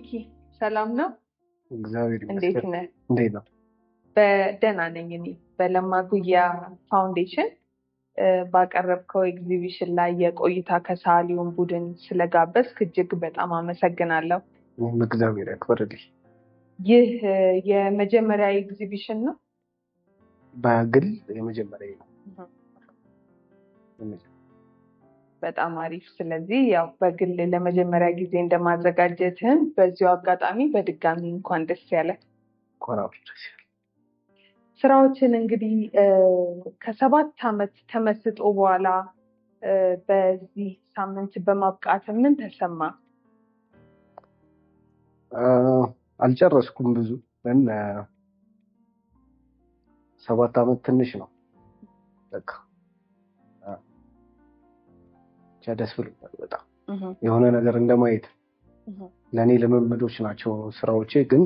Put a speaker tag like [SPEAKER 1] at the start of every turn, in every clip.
[SPEAKER 1] ሚኪ ሰላም ነው? እንዴት ነ እንዴት
[SPEAKER 2] ነው?
[SPEAKER 1] ነኝ። እኔ በለማ ጉያ ፋውንዴሽን ባቀረብከው ኤግዚቢሽን ላይ የቆይታ ከሳሊውን ቡድን ስለጋበዝክ እጅግ በጣም አመሰግናለሁ።
[SPEAKER 2] እግዚአብሔር ያክብርልኝ።
[SPEAKER 1] ይህ የመጀመሪያ ኤግዚቢሽን
[SPEAKER 2] ነው? በግል የመጀመሪያ ነው።
[SPEAKER 1] በጣም አሪፍ። ስለዚህ ያው በግል ለመጀመሪያ ጊዜ እንደማዘጋጀትህን በዚሁ አጋጣሚ በድጋሚ እንኳን ደስ ያለ ስራዎችን እንግዲህ ከሰባት ዓመት ተመስጦ በኋላ በዚህ ሳምንት በማብቃት ምን ተሰማ?
[SPEAKER 2] አልጨረስኩም ብዙ ግን ሰባት ዓመት ትንሽ ነው በቃ ብቻ ደስ ብሎኛል። በጣም የሆነ ነገር እንደማየት ለእኔ ልምምዶች ናቸው ስራዎቼ፣ ግን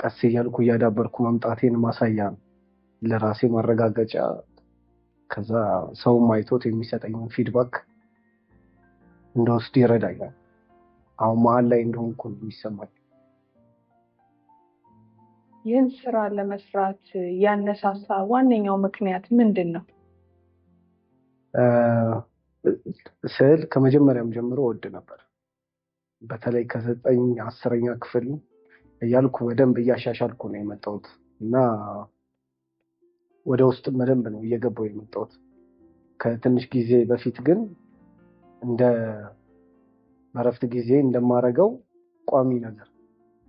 [SPEAKER 2] ቀስ እያልኩ እያዳበርኩ መምጣቴን ማሳያ ነው፣ ለራሴ ማረጋገጫ። ከዛ ሰውም አይቶት የሚሰጠኝን ፊድባክ እንደወስድ ይረዳኛል። አሁን መሀል ላይ እንደሆንኩ ይሰማል።
[SPEAKER 1] ይህን ስራ ለመስራት ያነሳሳ ዋነኛው ምክንያት ምንድን
[SPEAKER 2] ነው? ስዕል ከመጀመሪያም ጀምሮ ወድ ነበር። በተለይ ከዘጠኝ አስረኛ ክፍል እያልኩ በደንብ እያሻሻልኩ ነው የመጣውት እና ወደ ውስጥም በደንብ ነው እየገባው የመጣውት። ከትንሽ ጊዜ በፊት ግን እንደ በረፍት ጊዜ እንደማረገው ቋሚ ነገር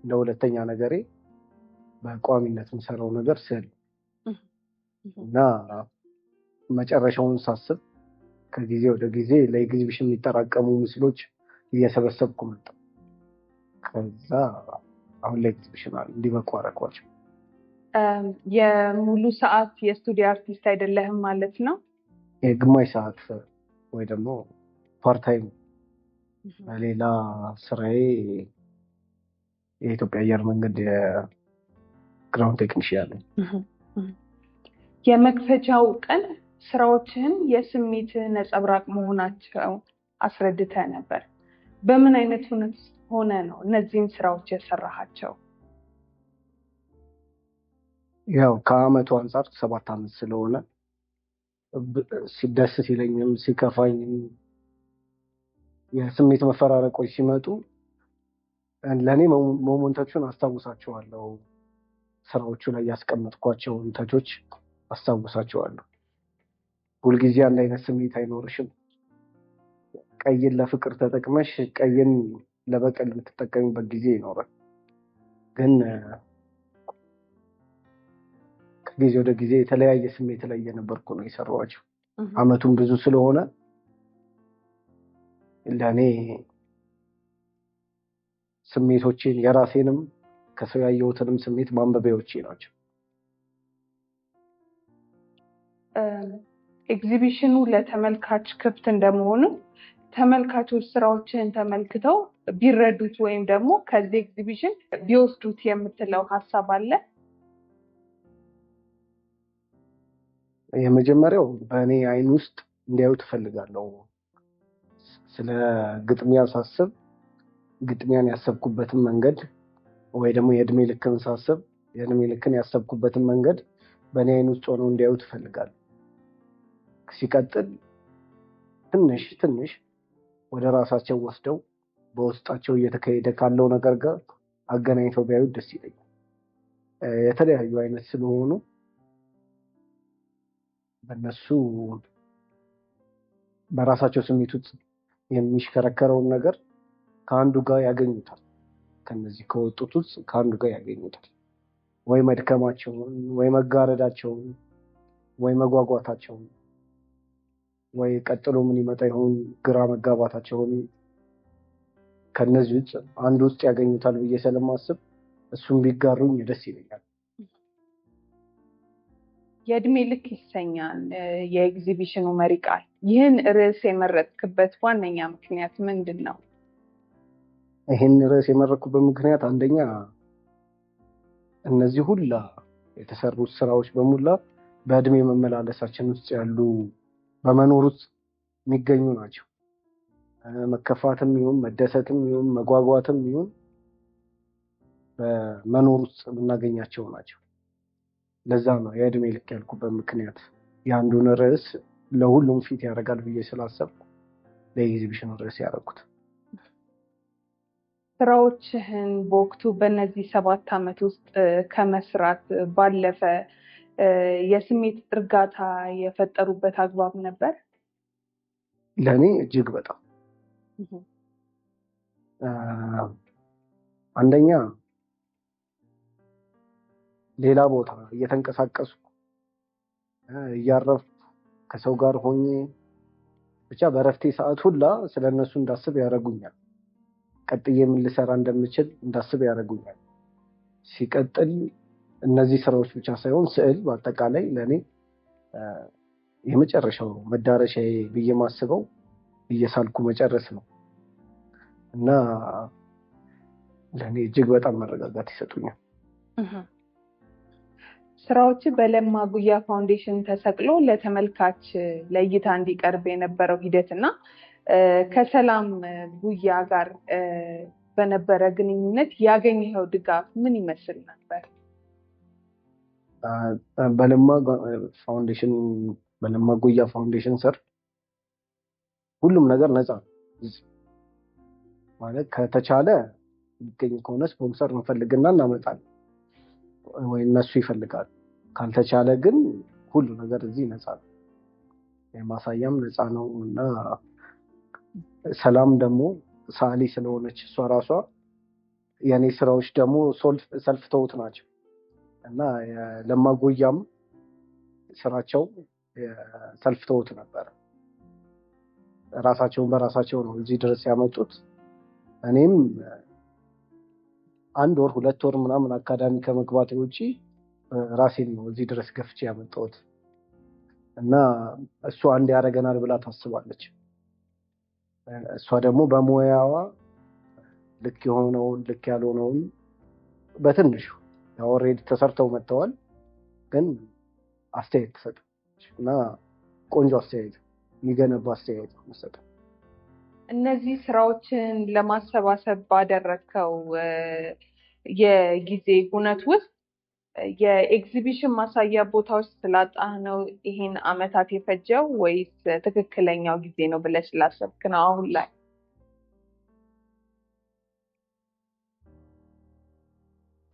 [SPEAKER 2] እንደ ሁለተኛ ነገሬ በቋሚነት የምሰራው ነገር ስል እና መጨረሻውን ሳስብ ከጊዜ ወደ ጊዜ ለኤግዚቢሽን የሚጠራቀሙ ምስሎች እየሰበሰብኩ መጣ ከዛ አሁን ለኤግዚቢሽን እንዲበቁ አደረኳቸው።
[SPEAKER 1] የሙሉ ሰዓት የስቱዲዮ አርቲስት አይደለህም
[SPEAKER 2] ማለት ነው? የግማሽ ሰዓት ወይ ደግሞ ፓርታይም በሌላ ስራዬ የኢትዮጵያ አየር መንገድ የግራውንድ ቴክኒሽ ያለ
[SPEAKER 1] የመክፈቻው ቀን ስራዎችህን የስሜት ነጸብራቅ መሆናቸው አስረድተ ነበር። በምን አይነት ሁነት ሆነ ነው እነዚህን ስራዎች የሰራሃቸው?
[SPEAKER 2] ያው ከአመቱ አንጻር ሰባት አመት ስለሆነ ደስ ሲለኝም ሲከፋኝም የስሜት መፈራረቆች ሲመጡ ለእኔ ሞመንቶቹን አስታውሳቸዋለሁ። ስራዎቹ ላይ ያስቀመጥኳቸውን ተቾች አስታውሳቸዋለሁ። ሁልጊዜ አንድ አይነት ስሜት አይኖርሽም። ቀይን ለፍቅር ተጠቅመሽ ቀይን ለበቀል የምትጠቀሚበት ጊዜ ይኖራል። ግን ከጊዜ ወደ ጊዜ የተለያየ ስሜት ላይ እየነበርኩ ነው የሰራኋቸው። አመቱን ብዙ ስለሆነ ለእኔ ስሜቶችን የራሴንም ከሰው ያየሁትንም ስሜት ማንበቢያዎቼ
[SPEAKER 1] ናቸው። ኤግዚቢሽኑ ለተመልካች ክፍት እንደመሆኑ ተመልካቾች ስራዎችን ተመልክተው ቢረዱት ወይም ደግሞ ከዚህ ኤግዚቢሽን ቢወስዱት የምትለው
[SPEAKER 2] ሀሳብ አለ? የመጀመሪያው በእኔ አይን ውስጥ እንዲያዩ ትፈልጋለው ስለ ግጥሚያ ሳስብ ግጥሚያን ያሰብኩበትን መንገድ ወይ ደግሞ የእድሜ ልክን ሳስብ የእድሜ ልክን ያሰብኩበትን መንገድ በእኔ አይን ውስጥ ሆነው እንዲያዩ ትፈልጋል ሲቀጥል ትንሽ ትንሽ ወደ ራሳቸው ወስደው በውስጣቸው እየተካሄደ ካለው ነገር ጋር አገናኝተው ቢያዩት ደስ ይለኛል። የተለያዩ አይነት ስለሆኑ በነሱ በራሳቸው ስሜት ውስጥ የሚሽከረከረውን ነገር ከአንዱ ጋር ያገኙታል። ከነዚህ ከወጡት ውስጥ ከአንዱ ጋር ያገኙታል። ወይ መድከማቸውን፣ ወይ መጋረዳቸውን፣ ወይ መጓጓታቸውን ወይ ቀጥሎ ምን ይመጣ ይሆን ግራ መጋባታቸውን ከነዚህ ውጭ አንድ ውስጥ ያገኙታል ብዬ ስለማስብ እሱም ቢጋሩኝ
[SPEAKER 1] ደስ ይለኛል። የእድሜ ልክ ይሰኛል የኤግዚቢሽኑ መሪ ቃል። ይህን ርዕስ የመረጥክበት ዋነኛ ምክንያት ምንድን
[SPEAKER 2] ነው? ይህን ርዕስ የመረኩበት ምክንያት አንደኛ እነዚህ ሁላ የተሰሩት ስራዎች በሙላ በእድሜ መመላለሳችን ውስጥ ያሉ በመኖር ውስጥ የሚገኙ ናቸው። መከፋትም ይሁን መደሰትም ይሁን መጓጓትም ይሁን በመኖር ውስጥ የምናገኛቸው ናቸው። ለዛ ነው የእድሜ ልክ ያልኩበት ምክንያት የአንዱን ርዕስ ለሁሉም ፊት ያደርጋል ብዬ ስላሰብኩ ለኤግዚቢሽን ርዕስ ያደረኩት።
[SPEAKER 1] ስራዎችህን በወቅቱ በእነዚህ ሰባት ዓመት ውስጥ ከመስራት ባለፈ የስሜት እርጋታ የፈጠሩበት አግባብ
[SPEAKER 2] ነበር? ለእኔ እጅግ በጣም አንደኛ ሌላ ቦታ እየተንቀሳቀሱ፣ እያረፍ ከሰው ጋር ሆኜ ብቻ በእረፍቴ ሰዓት ሁላ ስለ እነሱ እንዳስብ ያደርጉኛል። ቀጥዬ ምን ልሰራ እንደምችል እንዳስብ ያደርጉኛል። ሲቀጥል እነዚህ ስራዎች ብቻ ሳይሆን ስዕል በአጠቃላይ ለእኔ የመጨረሻው ነው መዳረሻ ብዬ ማስበው እየሳልኩ መጨረስ ነው እና ለእኔ እጅግ በጣም መረጋጋት
[SPEAKER 1] ይሰጡኛል። ስራዎች በለማ ጉያ ፋውንዴሽን ተሰቅሎ ለተመልካች ለእይታ እንዲቀርብ የነበረው ሂደት እና ከሰላም ጉያ ጋር በነበረ ግንኙነት ያገኘኸው ድጋፍ ምን ይመስል
[SPEAKER 2] ነበር? በለማ ፋውንዴሽን በለማ ጎያ ፋውንዴሽን ስር ሁሉም ነገር ነፃ ነው። ማለት ከተቻለ ይገኝ ከሆነ ስፖንሰር እንፈልግና እናመጣል ወይ እነሱ ይፈልጋል ካልተቻለ ግን ሁሉ ነገር እዚህ ነፃ ነው። ማሳያም ነፃ ነው እና ሰላም ደግሞ ሳሊ ስለሆነች እሷ ራሷ የእኔ ስራዎች ደግሞ ሰልፍ ተውት ናቸው እና ለማጎያም ስራቸው ተልፍተውት ነበር። ራሳቸውን በራሳቸው ነው እዚህ ድረስ ያመጡት። እኔም አንድ ወር ሁለት ወር ምናምን አካዳሚ ከመግባት ውጪ ራሴን ነው እዚህ ድረስ ገፍቼ ያመጣሁት እና እሷ አንድ ያደርገናል ብላ ታስባለች። እሷ ደግሞ በሙያዋ ልክ የሆነውን ልክ ያልሆነውን በትንሹ ኦሬዲ ተሰርተው መጥተዋል፣ ግን አስተያየት ትሰጥ እና ቆንጆ አስተያየት፣ የሚገነባ አስተያየት መሰጠ።
[SPEAKER 1] እነዚህ ስራዎችን ለማሰባሰብ ባደረግከው የጊዜ ሁነት ውስጥ የኤግዚቢሽን ማሳያ ቦታዎች ስላጣህ ነው ይሄን አመታት የፈጀው ወይስ ትክክለኛው ጊዜ ነው ብለሽ ላሰብክ ነው አሁን ላይ?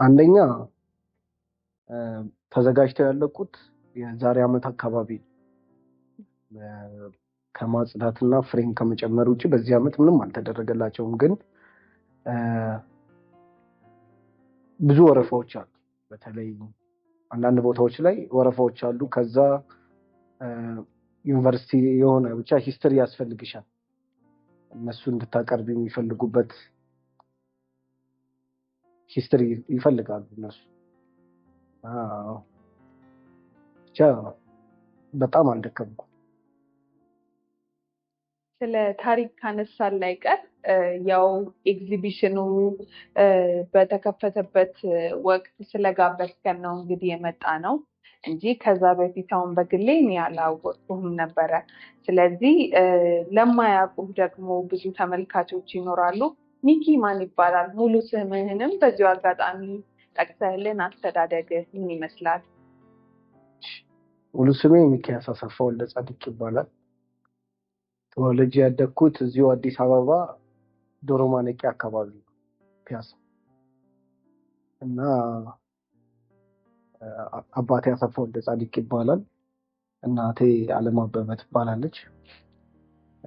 [SPEAKER 2] አንደኛ ተዘጋጅተው ያለቁት የዛሬ አመት አካባቢ ከማጽዳትና ፍሬም ከመጨመር ውጭ በዚህ አመት ምንም አልተደረገላቸውም። ግን ብዙ ወረፋዎች አሉ። በተለይ አንዳንድ ቦታዎች ላይ ወረፋዎች አሉ። ከዛ ዩኒቨርሲቲ የሆነ ብቻ ሂስትሪ ያስፈልግሻል እነሱ እንድታቀርብ የሚፈልጉበት ሂስትሪ ይፈልጋሉ እነሱ። ብቻ በጣም
[SPEAKER 1] አልደከምኩም። ስለ ታሪክ ካነሳን ላይ ቀር ያው ኤግዚቢሽኑ በተከፈተበት ወቅት ስለጋበዝከን ነው እንግዲህ የመጣ ነው እንጂ ከዛ በፊት አሁን በግሌ እኔ አላወቅሁም ነበረ። ስለዚህ ለማያውቁ ደግሞ ብዙ ተመልካቾች ይኖራሉ። ኒኪ ማን ይባላል? ሙሉ ስምህንም በዚሁ አጋጣሚ ጠቅሰህልን አስተዳደግህ
[SPEAKER 2] ምን ይመስላል? ሙሉ ስሜ ሚኪያስ አሰፋ ወልደ ጻድቅ ይባላል። ተወልጄ ያደግኩት እዚሁ አዲስ አበባ ዶሮ ማነቂያ አካባቢ ፒያሳ እና አባቴ አሰፋ ወልደ ጻድቅ ይባላል። እናቴ አለም አበበ ትባላለች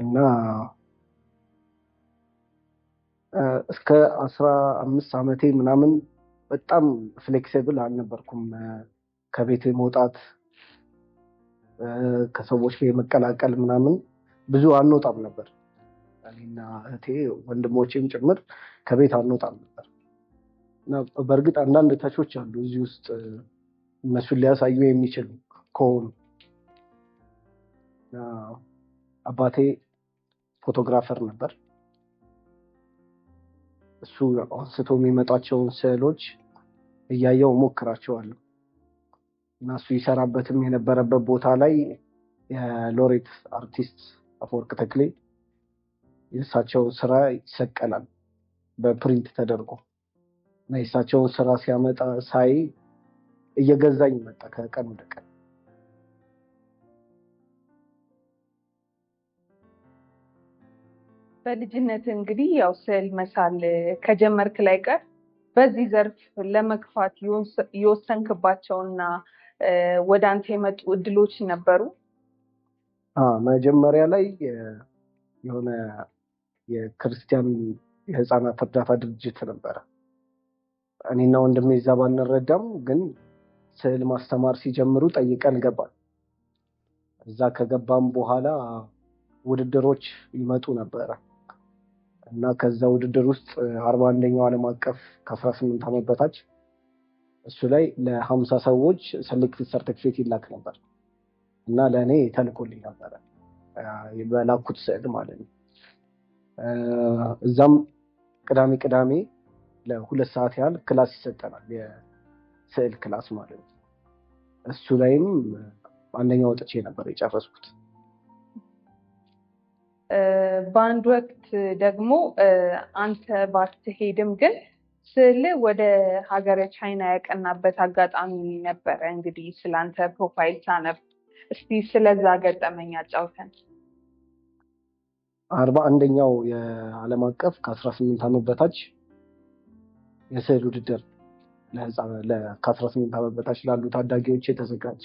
[SPEAKER 2] እና እስከ አስራ አምስት ዓመቴ ምናምን በጣም ፍሌክሲብል አልነበርኩም። ከቤት መውጣት፣ ከሰዎች ጋር የመቀላቀል ምናምን ብዙ አንወጣም ነበር። እኔና እህቴ ወንድሞቼም ጭምር ከቤት አንወጣም ነበር። በእርግጥ አንዳንድ ተቾች አሉ እዚህ ውስጥ እነሱን ሊያሳዩ የሚችሉ ከሆኑ አባቴ ፎቶግራፈር ነበር። እሱ አንስቶ የሚመጣቸውን ስዕሎች እያየው ሞክራቸዋለሁ እና እሱ ይሰራበትም የነበረበት ቦታ ላይ የሎሬት አርቲስት አፈወርቅ ተክሌ የእሳቸው ስራ ይሰቀላል በፕሪንት ተደርጎ እና የእሳቸውን ስራ ሲያመጣ ሳይ እየገዛኝ መጣ
[SPEAKER 1] ከቀን ወደ ቀን። በልጅነት እንግዲህ ያው ስዕል መሳል ከጀመርክ ላይ ቀር በዚህ ዘርፍ ለመግፋት የወሰንክባቸውና ወደ አንተ የመጡ እድሎች
[SPEAKER 2] ነበሩ? መጀመሪያ ላይ የሆነ የክርስቲያን የህፃናት እርዳታ ድርጅት ነበረ። እኔና ወንድሜ እዛ ባንረዳም ግን ስዕል ማስተማር ሲጀምሩ ጠይቀን ገባል። እዛ ከገባም በኋላ ውድድሮች ይመጡ ነበረ። እና ከዛ ውድድር ውስጥ አርባ አንደኛው ዓለም አቀፍ ከአስራ ስምንት ዓመት በታች እሱ ላይ ለሀምሳ ሰዎች ሰሌክትድ ሰርተፊኬት ይላክ ነበር እና ለእኔ ተልኮልኝ ነበረ በላኩት ስዕል ማለት ነው። እዛም ቅዳሜ ቅዳሜ ለሁለት ሰዓት ያህል ክላስ ይሰጠናል፣ የስዕል ክላስ ማለት ነው። እሱ ላይም አንደኛ ወጥቼ ነበር የጨረስኩት።
[SPEAKER 1] በአንድ ወቅት ደግሞ አንተ ባትሄድም ግን ስዕል ወደ ሀገረ ቻይና ያቀናበት አጋጣሚ ነበረ። እንግዲህ ስለ አንተ ፕሮፋይል ሳነብ እስቲ ስለዛ ገጠመኝ አጫውተን።
[SPEAKER 2] አርባ አንደኛው የዓለም አቀፍ ከአስራ ስምንት ዓመት በታች የስዕል ውድድር ከአስራ ስምንት ዓመት በታች ላሉ ታዳጊዎች የተዘጋጀ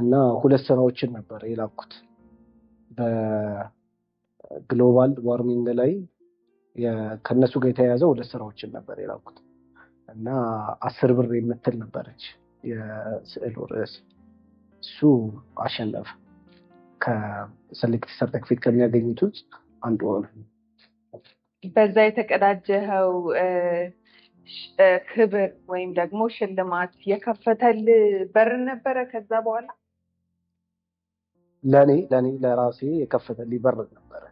[SPEAKER 2] እና ሁለት ስራዎችን ነበር የላኩት ግሎባል ዋርሚንግ ላይ ከእነሱ ጋር የተያያዘ ሁለት ስራዎችን ነበር የላኩት እና አስር ብር የምትል ነበረች የስዕሉ ርዕስ። እሱ አሸነፈ። ከሰሌክት ሰርተፊኬት ከሚያገኙት ውስጥ አንዱ ሆነ።
[SPEAKER 1] በዛ የተቀዳጀኸው ክብር ወይም ደግሞ ሽልማት የከፈተል በር ነበረ። ከዛ
[SPEAKER 2] በኋላ ለእኔ ለእኔ ለራሴ የከፈተል በር ነበረ።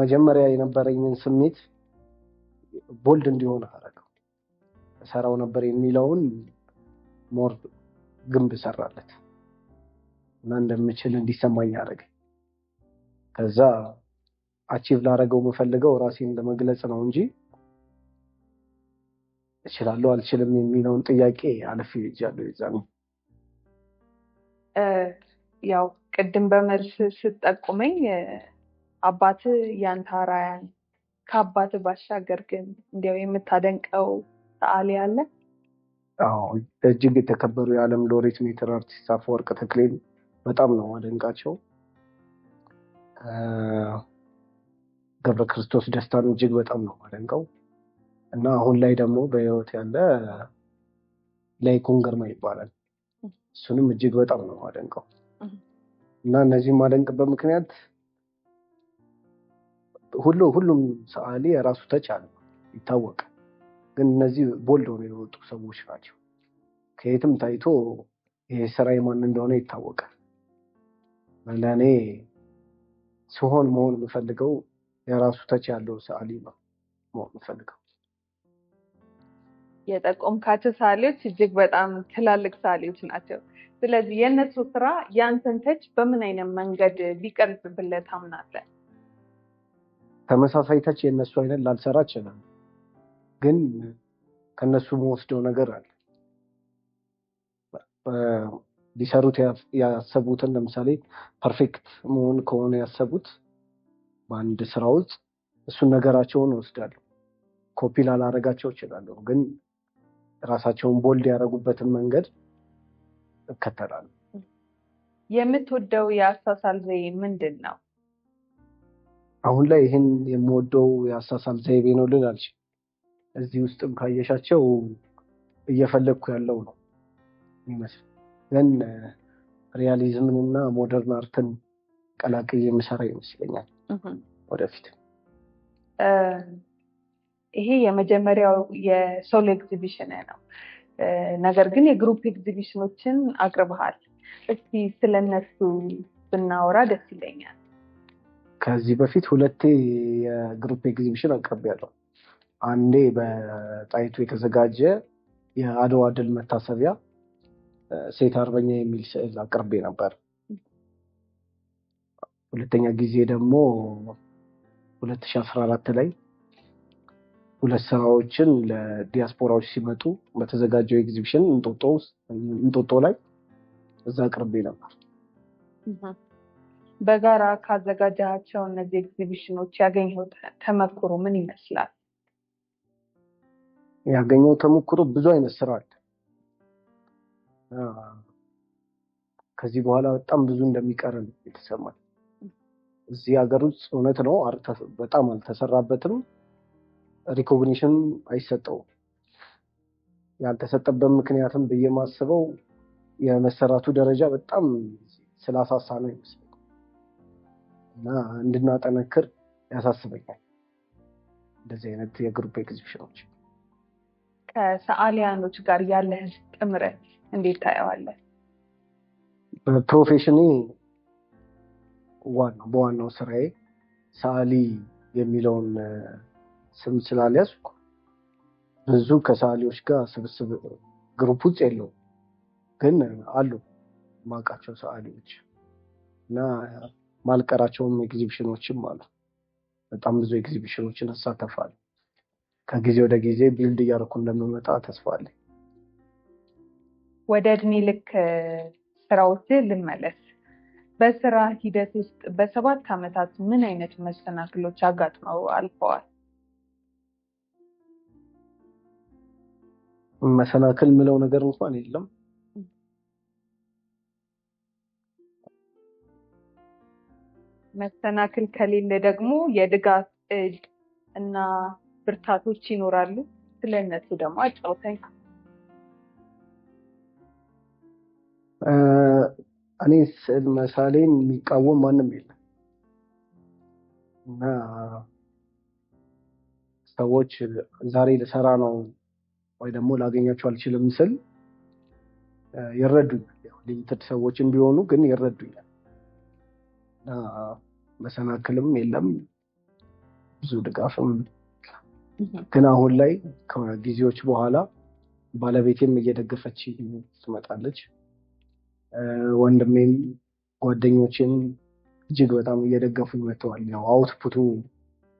[SPEAKER 2] መጀመሪያ የነበረኝን ስሜት ቦልድ እንዲሆን አረገው ሰራው ነበር የሚለውን ሞር ግንብ ሰራለት እና እንደምችል እንዲሰማኝ አደረገኝ። ከዛ አቺቭ ላረገው የምፈልገው ራሴን ለመግለጽ ነው እንጂ እችላለሁ አልችልም የሚለውን ጥያቄ አለፍ ይጃለሁ።
[SPEAKER 1] የዛ ያው ቅድም በመልስ ስጠቁመኝ አባት ያንታራያን ከአባት ባሻገር ግን እንዲያው የምታደንቀው ሰዓሊ አለ?
[SPEAKER 2] አዎ፣ እጅግ የተከበሩ የዓለም ሎሬት ሜትር አርቲስት አፈወርቅ ተክሌን በጣም ነው አደንቃቸው። ገብረ ክርስቶስ ደስታን እጅግ በጣም ነው ማደንቀው እና አሁን ላይ ደግሞ በህይወት ያለ ላይኮን ግርማ ይባላል። እሱንም እጅግ በጣም ነው ማደንቀው እና እነዚህም ማደንቅበት ምክንያት ሁሉ ሁሉም ሰዓሊ የራሱ ተች አለ ይታወቃል። ግን እነዚህ ቦልድ ሆነ የወጡ ሰዎች ናቸው። ከየትም ታይቶ ይሄ ስራ የማን እንደሆነ ይታወቃል። ለእኔ ሲሆን መሆን የምፈልገው የራሱ ተች ያለው ሰአሊ ነው መሆን
[SPEAKER 1] የምፈልገው። የጠቆምካቸው ሰዓሊዎች እጅግ በጣም ትላልቅ ሰዓሊዎች ናቸው። ስለዚህ የእነሱ ስራ የአንተን ተች በምን አይነት መንገድ ሊቀርብብለት
[SPEAKER 2] አምናለን ተመሳሳይ ተች የእነሱ አይነት ላልሰራ ችላል ግን ከእነሱ መወስደው ነገር አለ። ሊሰሩት ያሰቡትን ለምሳሌ ፐርፌክት መሆን ከሆነ ያሰቡት በአንድ ስራ ውስጥ እሱን ነገራቸውን ወስዳሉ ኮፒ ላላረጋቸው ይችላሉ ግን ራሳቸውን ቦልድ ያደረጉበትን መንገድ እከተላለሁ።
[SPEAKER 1] የምትወደው የአሳሳል ዘዬ
[SPEAKER 2] ምንድን ነው? አሁን ላይ ይህን የምወደው የአሳሳል ዘይቤ ነው ልል እዚህ ውስጥም ካየሻቸው እየፈለግኩ ያለው ነው ይመስል ግን ሪያሊዝምን እና ሞደርን አርትን ቀላቅይ የምሰራ ይመስለኛል
[SPEAKER 1] ወደፊት። ይሄ የመጀመሪያው የሶሎ ኤግዚቢሽን ነው። ነገር ግን የግሩፕ ኤግዚቢሽኖችን አቅርበሃል። እስቲ ስለነሱ ብናወራ ደስ
[SPEAKER 2] ይለኛል። ከዚህ በፊት ሁለቴ የግሩፕ ኤግዚቢሽን ያለው አንዴ በጣይቱ የተዘጋጀ የአድዋ ድል መታሰቢያ ሴት አርበኛ የሚል ስዕል አቅርቤ ነበር። ሁለተኛ ጊዜ ደግሞ 2014 ላይ ሁለት ስራዎችን ለዲያስፖራዎች ሲመጡ በተዘጋጀው ኤግዚቢሽን እንጦጦ ላይ እዛ
[SPEAKER 1] አቅርቤ ነበር። በጋራ ካዘጋጃቸው እነዚህ ኤግዚቢሽኖች ያገኘው ተመክሮ
[SPEAKER 2] ምን ይመስላል? ያገኘው ተሞክሮ ብዙ አይነት ስራ አለ። ከዚህ በኋላ በጣም ብዙ እንደሚቀረን የተሰማል። እዚህ ሀገር ውስጥ እውነት ነው በጣም አልተሰራበትም፣ ሪኮግኒሽን አይሰጠውም። ያልተሰጠበት ምክንያትም ብዬ ማስበው የመሰራቱ ደረጃ በጣም ስላሳሳ ነው ይመስላል። እና እንድናጠነክር ያሳስበኛል። እንደዚህ አይነት የግሩፕ ኤግዚቢሽኖች
[SPEAKER 1] ከሰአሊያኖች ጋር ያለህን ጥምረት እንዴት ታየዋለን
[SPEAKER 2] በፕሮፌሽኔ ዋና በዋናው ስራዬ ሰአሊ የሚለውን ስም ስላልያዝኩ ብዙ ከሰዓሊዎች ጋር ስብስብ ግሩፕ ውጽ የለው ግን አሉ ማቃቸው ሰዓሊዎች እና ማልቀራቸውም ኤግዚቢሽኖችም አሉ። በጣም ብዙ ኤግዚቢሽኖችን እሳተፋለሁ። ከጊዜ ወደ ጊዜ ቢልድ እያደረኩ እንደምመጣ ተስፋ
[SPEAKER 1] ወደ እድሜ ልክ ስራዎች ልመለስ። በስራ ሂደት ውስጥ በሰባት ዓመታት ምን አይነት መሰናክሎች አጋጥመው
[SPEAKER 2] አልፈዋል? መሰናክል ምለው
[SPEAKER 1] ነገር እንኳን የለም መሰናክል ከሌለ ደግሞ የድጋፍ እድ እና ብርታቶች ይኖራሉ። ስለ እነሱ
[SPEAKER 2] ደግሞ አጫውተኝ። እኔ ስዕል መሳሌን የሚቃወም ማንም የለም እና ሰዎች ዛሬ ልሰራ ነው ወይ ደግሞ ላገኛቸው አልችልም ስል ይረዱኛል። ሊሚትድ ሰዎችን ቢሆኑ ግን ይረዱኛል። መሰናክልም የለም ብዙ ድጋፍም ግን አሁን ላይ ከጊዜዎች በኋላ ባለቤቴም እየደገፈች ትመጣለች። ወንድሜም ጓደኞችን እጅግ በጣም እየደገፉ ይመጥተዋል። ያው አውትፑቱ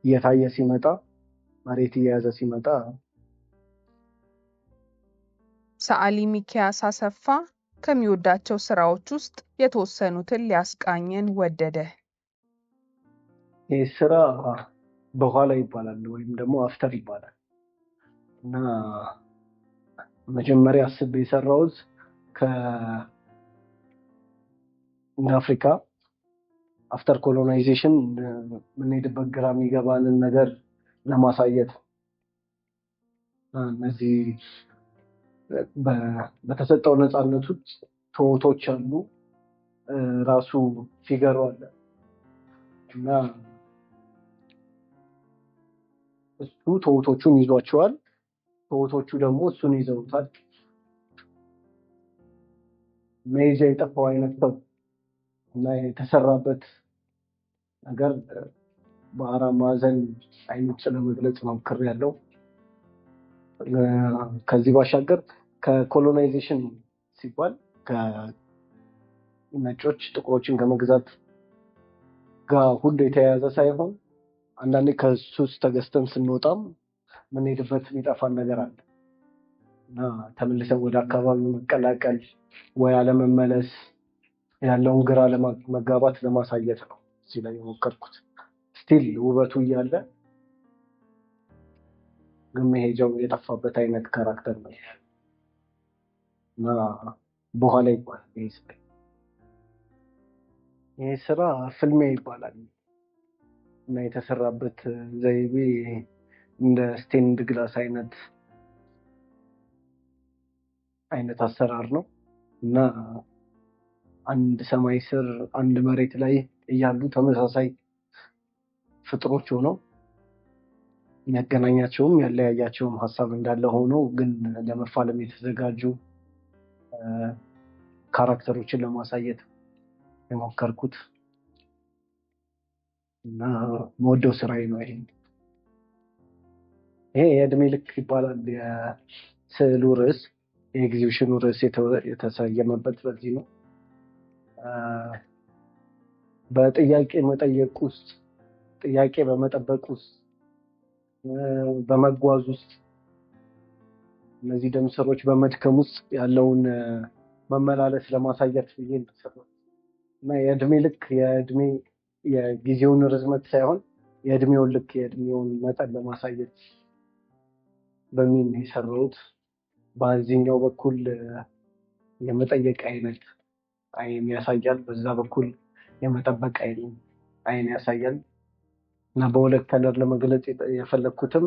[SPEAKER 2] እየታየ ሲመጣ መሬት እየያዘ ሲመጣ
[SPEAKER 1] ሰአሊ ሚኪያስ አሰፋ ከሚወዳቸው ስራዎች ውስጥ የተወሰኑትን ሊያስቃኘን ወደደ።
[SPEAKER 2] ይህ ስራ በኋላ ይባላል ወይም ደግሞ አፍተር ይባላል እና መጀመሪያ አስብ የሰራሁት ከአፍሪካ አፍተር ኮሎናይዜሽን የምንሄድበት ግራ የሚገባንን ነገር ለማሳየት እነዚህ በተሰጠው ነፃነት ውስጥ ትውቶች አሉ፣ ራሱ ፊገሩ አለ እና እሱ ተውቶቹን ይዟቸዋል። ተውቶቹ ደግሞ እሱን ይዘውታል። መይዣ የጠፋው አይነት ሰው እና የተሰራበት ነገር በአራት ማዕዘን አይነት ለመግለጽ ሞክር ያለው ከዚህ ባሻገር ከኮሎናይዜሽን ሲባል ከነጮች ጥቁሮችን ከመግዛት ጋር ሁሉ የተያያዘ ሳይሆን አንዳንዴ ከሱስ ተገዝተን ስንወጣም ምንሄድበት የሚጠፋን ነገር አለ እና ተመልሰን ወደ አካባቢው መቀላቀል ወይ አለመመለስ ያለውን ግራ መጋባት ለማሳየት ነው እዚህ ላይ የሞከርኩት። ስቲል ውበቱ እያለ ግን መሄጃው የጠፋበት አይነት ካራክተር ነው እና በኋላ ይባላል ይህ ስራ። ይሄ ስራ ፍልሜ ይባላል። እና የተሰራበት ዘይቤ እንደ ስቴንድ ግላስ አይነት አይነት አሰራር ነው እና አንድ ሰማይ ስር አንድ መሬት ላይ እያሉ ተመሳሳይ ፍጥሮች ሆነው የሚያገናኛቸውም ያለያያቸውም ሀሳብ እንዳለ ሆኖ ግን ለመፋለም የተዘጋጁ ካራክተሮችን ለማሳየት የሞከርኩት እና መወደው ስራዬ ነው። ይሄ ይሄ የእድሜ ልክ ይባላል የስዕሉ ርዕስ የኤግዚቢሽኑ ርዕስ የተሰየመበት በዚህ ነው። በጥያቄ መጠየቅ ውስጥ ጥያቄ በመጠበቅ ውስጥ በመጓዝ ውስጥ እነዚህ ደምሰሮች በመድከም ውስጥ ያለውን መመላለስ ለማሳየት ብዬ እንድሰራ እና የእድሜ ልክ የእድሜ የጊዜውን ርዝመት ሳይሆን የእድሜውን ልክ የእድሜውን መጠን ለማሳየት በሚል የሰራሁት በዚህኛው በኩል የመጠየቅ አይነት አይን ያሳያል፣ በዛ በኩል የመጠበቅ አይነት አይን ያሳያል እና በሁለት ከለር ለመግለጽ የፈለግኩትም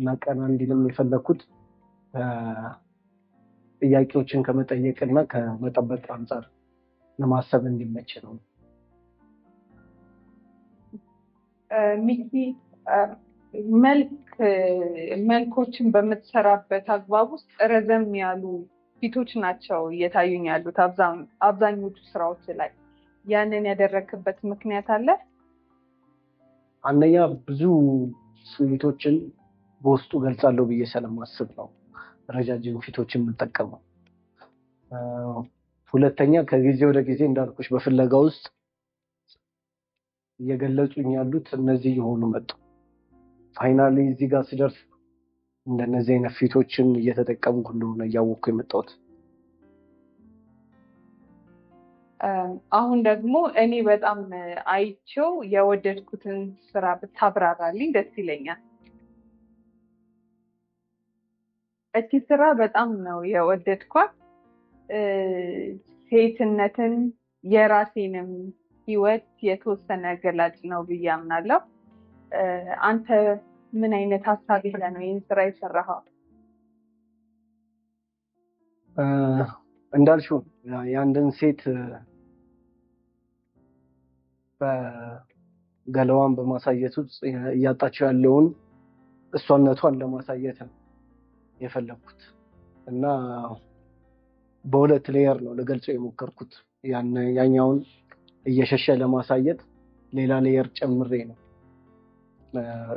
[SPEAKER 2] እና ቀና እንዲልም የፈለግኩት ጥያቄዎችን ከመጠየቅ እና ከመጠበቅ አንጻር ለማሰብ
[SPEAKER 1] እንዲመች ነው። ሚኪ መልክ መልኮችን በምትሰራበት አግባብ ውስጥ ረዘም ያሉ ፊቶች ናቸው እየታዩኝ ያሉት አብዛኞቹ ስራዎች ላይ ያንን ያደረክበት ምክንያት
[SPEAKER 2] አለ? አንደኛ ብዙ ስሜቶችን በውስጡ ገልጻለሁ ብዬ ስለማስብ ነው ረጃጅም ፊቶችን የምጠቀመው። ሁለተኛ ከጊዜ ወደ ጊዜ እንዳልኩሽ በፍለጋ ውስጥ እየገለጹኝ ያሉት እነዚህ የሆኑ መጡ። ፋይናሊ እዚህ ጋር ስደርስ እንደነዚህ አይነት ፊቶችን እየተጠቀምኩ እንደሆነ እያወቅኩ የመጣሁት
[SPEAKER 1] um, አሁን ደግሞ እኔ በጣም አይቸው የወደድኩትን ስራ ብታብራራልኝ ደስ ይለኛል። እቺ ስራ በጣም ነው የወደድኳት። ሴትነትን የራሴንም ህይወት የተወሰነ ገላጭ ነው ብዬ አምናለሁ። አንተ ምን አይነት ሀሳብ ይዘህ ነው ይህን ስራ የሰራኸው?
[SPEAKER 2] እንዳልሽው የአንድን ሴት በገለዋን በማሳየት ውስጥ እያጣቸው ያለውን እሷነቷን ለማሳየት ነው የፈለግኩት እና በሁለት ሌየር ነው ለገልጾ የሞከርኩት ያኛውን እየሸሸ ለማሳየት ሌላ ሌየር ጨምሬ ነው።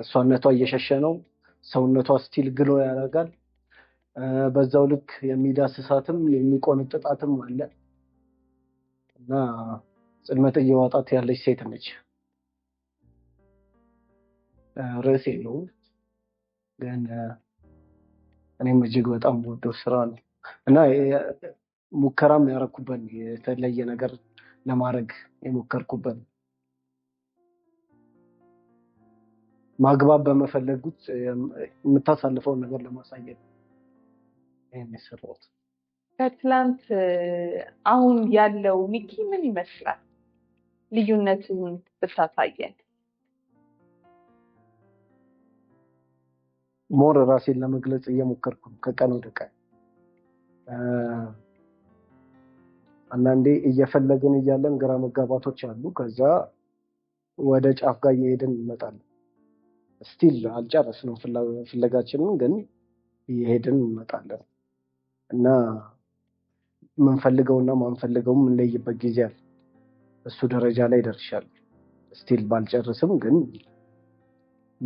[SPEAKER 2] እሷነቷ እየሸሸ ነው፣ ሰውነቷ ስቲል ግሎ ያደርጋል። በዛው ልክ የሚዳስሳትም የሚቆንጥጣትም አለ እና ጽድመት እየዋጣት ያለች ሴት ነች። ርዕስ የለውም ግን እኔም እጅግ በጣም ወደው ስራ ነው እና ሙከራም ያደረኩበት የተለየ ነገር ለማድረግ የሞከርኩበት ማግባብ በመፈለጉት የምታሳልፈው የምታሳልፈውን ነገር ለማሳየት
[SPEAKER 1] የሚሰራት ከትላንት አሁን ያለው ሚኪ ምን ይመስላል? ልዩነትን ብታሳየን።
[SPEAKER 2] ሞር ራሴን ለመግለጽ እየሞከርኩ ከቀን ወደ ቀን አንዳንዴ እየፈለግን እያለን ግራ መጋባቶች አሉ። ከዛ ወደ ጫፍ ጋር እየሄድን እንመጣለን። ስቲል አልጨረስነው ፍለጋችንን፣ ግን እየሄድን እንመጣለን እና የምንፈልገውና ማንፈልገው የምንለይበት ጊዜ አለ። እሱ ደረጃ ላይ ደርሻል። ስቲል ባልጨርስም ግን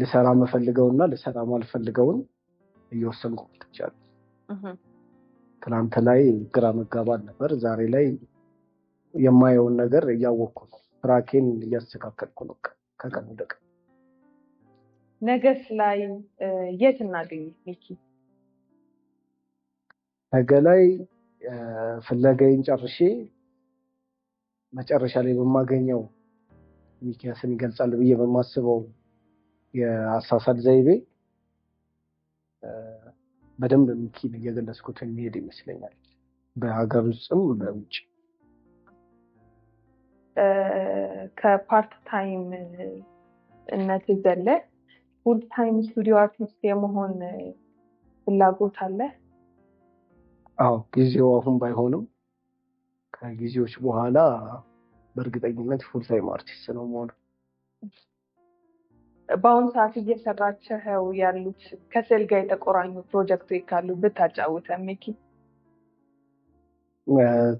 [SPEAKER 2] ልሰራ መፈልገውና ልሰራ ማልፈልገውን እየወሰንኩ መጥቻለሁ። ትናንት ላይ ግራ መጋባት ነበር። ዛሬ ላይ የማየውን ነገር እያወቅኩ ነው። ስራኬን እያስተካከልኩ ነው
[SPEAKER 1] ከቀን ወደ ቀን። ነገስ ላይ የት እናገኝ ሚኪ?
[SPEAKER 2] ነገ ላይ ፍለጋዬን ጨርሼ መጨረሻ ላይ በማገኘው ሚኪያስን ይገልጻል ብዬ በማስበው የአሳሳል ዘይቤ በደንብ ምኪን እየገለጽኩት የሚሄድ ይመስለኛል። በሀገር ውስጥም በውጭ
[SPEAKER 1] ከፓርት ታይም እነት ዘለ ፉል ታይም ስቱዲዮ አርቲስት የመሆን ፍላጎት አለ?
[SPEAKER 2] አዎ ጊዜው አሁን ባይሆንም ከጊዜዎች በኋላ በእርግጠኝነት ፉል ታይም አርቲስት ነው መሆኑ
[SPEAKER 1] በአሁኑ ሰዓት እየሰራቸው ያሉት ከስዕል ጋር የተቆራኙ ፕሮጀክቶች ካሉ ብታጫውተን ሚኪ።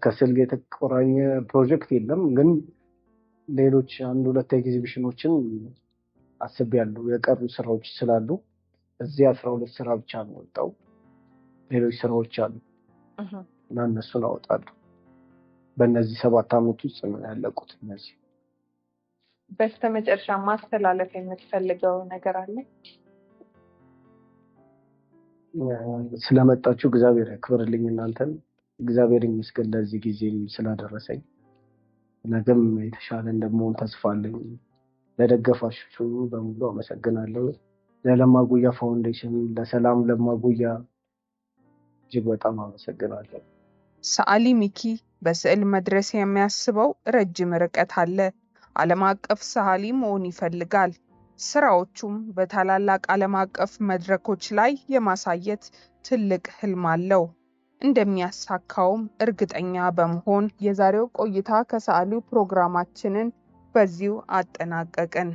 [SPEAKER 2] ከስዕል ጋር የተቆራኘ ፕሮጀክት የለም፣ ግን ሌሎች አንድ ሁለት ኤግዚቢሽኖችን አስቤያለሁ። የቀሩ ስራዎች ስላሉ እዚህ አስራ ሁለት ስራ ብቻ ነው ወጣው። ሌሎች ስራዎች አሉ እና እነሱን አወጣሉ። በእነዚህ ሰባት አመት ውስጥ ነው
[SPEAKER 1] ያለቁት እነዚህ በስተመጨረሻ ማስተላለፍ የምትፈልገው ነገር
[SPEAKER 2] አለ? ስለመጣችሁ እግዚአብሔር ያክብርልኝ እናንተን። እግዚአብሔር ይመስገን ለዚህ ጊዜም ስላደረሰኝ። ነገም የተሻለ እንደመሆን ተስፋ አለኝ። ለደገፋችሁ በሙሉ አመሰግናለሁ። ለለማጉያ ፋውንዴሽን፣ ለሰላም ለማጉያ እጅግ በጣም አመሰግናለሁ።
[SPEAKER 1] ሰዓሊ ሚኪ በስዕል መድረስ የሚያስበው ረጅም ርቀት አለ። ዓለም አቀፍ ሰዓሊ መሆን ይፈልጋል። ስራዎቹም በታላላቅ ዓለም አቀፍ መድረኮች ላይ የማሳየት ትልቅ ህልም አለው። እንደሚያሳካውም እርግጠኛ በመሆን የዛሬው ቆይታ ከሰዓሊው ፕሮግራማችንን በዚሁ አጠናቀቅን።